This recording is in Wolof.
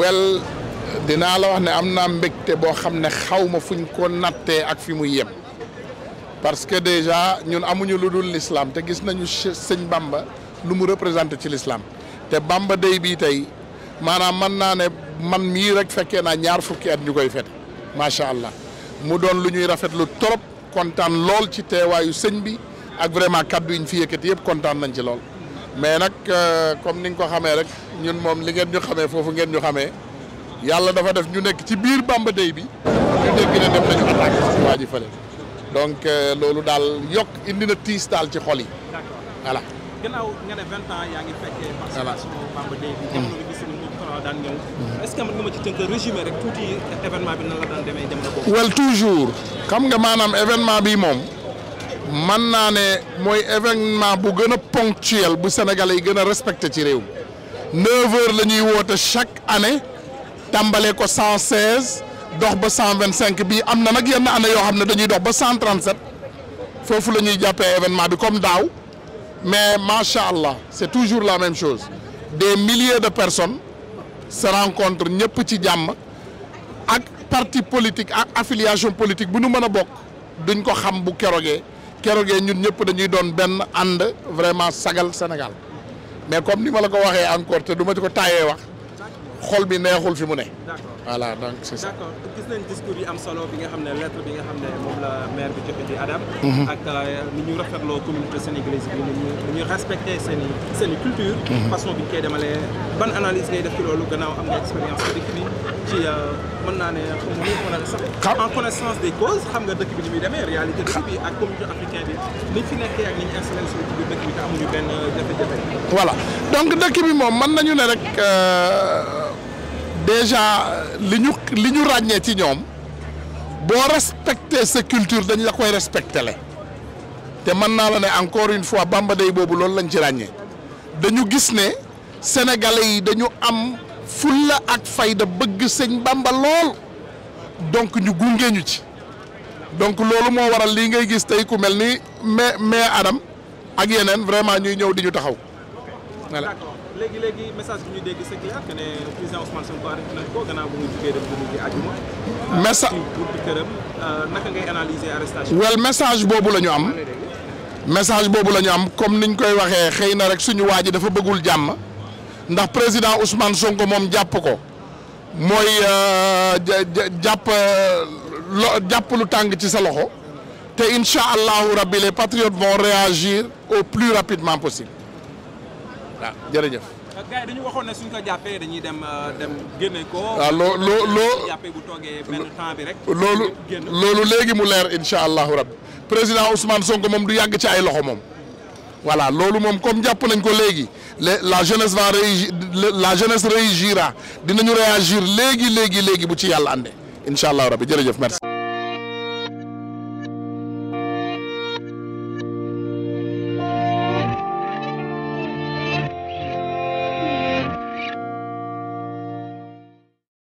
wel dinaa la wax ne am naa mbégte boo xam ne xaw ma fuñ ko nattee ak fi muy yem parce que déjà ñun amuñu lu dul l'islam te gis nañu sëñ Bamba lu mu représenté ci l'islam te Bamba dey bii tey maanaam mën naa ne man mii rek fekkee naa ñaar fukki at ñu koy fete macha allah mu doon lu ñuy rafetlu trop kontaan lool ci teewaayu sëñ bi ak vraiment kaddu yi ñu fi yëkkati yëpp kontaan nañ ci lool. mais nag euh, comme ni nga ko xamee rek ñun moom li ngeen ñu xamee foofu ngeen ñu xamee yàlla dafa def ñu nekk ci biir Bamba Day bi ñu dégg ne ji fële donc euh, loolu daal yokk indi na tiis daal ci xoli yi voilà. gannaaw nga ne vingt mm-hmm. wel toujours xam nga maanaam événement bi moom. man naa ne mooy événement bu gën a ponctuel bu sénégal yi gën a respecté ci réew mi 9h la ñuy woote chaque année tàmbalee ko 116 dox ba bi bii am na nag yenn année yoo xam ne dañuy dox ba 137 foofu la ñuy jàppee événement bi comme daaw mais macha allah c'est toujours la même chose des milliers de personnes se rencontrent ñëpp ci jàmm ak parti politique ak affiliation politique bu nu mën a bokk duñ ko xam bu kerogee. keroogee ñun ñëpp dañuy doon benn ànd vraiment sagal Sénégal mais comme ni ma la ko waxee encore te du ma ci ko taayee wax xol bi neexul fi mu ne. voilà donc c'est ça. d'accord gis nañ discours yi am solo bi nga xam ne lettre bi nga xam ne moom la maire bi joxe ci Adam. Mhm. ak euh, ni ñu rafetloo communauté sénégalaise bi ni ñu ni ñu respecté seen i culture. Mhm. façon bi ñu koy demalee ban analyse ngay def ci loolu gannaaw am nga expérience bi ci. Euh, mën naa ne xamu xam en connaissance des causes voilà donc dëkk bi moom mën nañu ne rek euh, déjà li ñu li ñu ràññee ci ñoom boo respecté sa culture dañ la koy respecté le te mën naa la ne encore une fois Bamba Day boobu loolu lañ ci ràññee dañu gis ne sénégalais yi dañu am. fulla ak fayda bëgg sëñ Bamba lool donc ñu gunge ñu ci donc loolu moo waral lii ngay gis tey ku mel ni mais mais Adam ak yeneen vraiment ñuy ñëw di ñu taxaw. voilà léegi message euh, wel message boobu la ñu am. message boobu la ñu am comme niñ koy waxee xëy na rek suñu waa ji dafa bëggul jàmm. ndax président Ousmane Sonko moom jàpp ko mooy euh, jàpp euh, lo jàpp lu tàng ci sa loxo te incha allahu rabbi les patriotes vont réagir au plus rapidement possible ah, jërëjëf. Euh, gars waxoon ne suñ ko jàppee dañuy dem dem génne ko. loo loo loo jàppee toogee benn rek. loolu loolu léegi mu leer incha allahu rabbi président Ousmane Sonko moom du yàgg ci ay loxo moom. voilà loolu moom comme jàpp nañ ko léegi la jeunesse va réagi la jeunesse réagira dinañu réagir léegi léegi léegi bu ci yàlla ànde incha allah rabbi jërëjëf merci.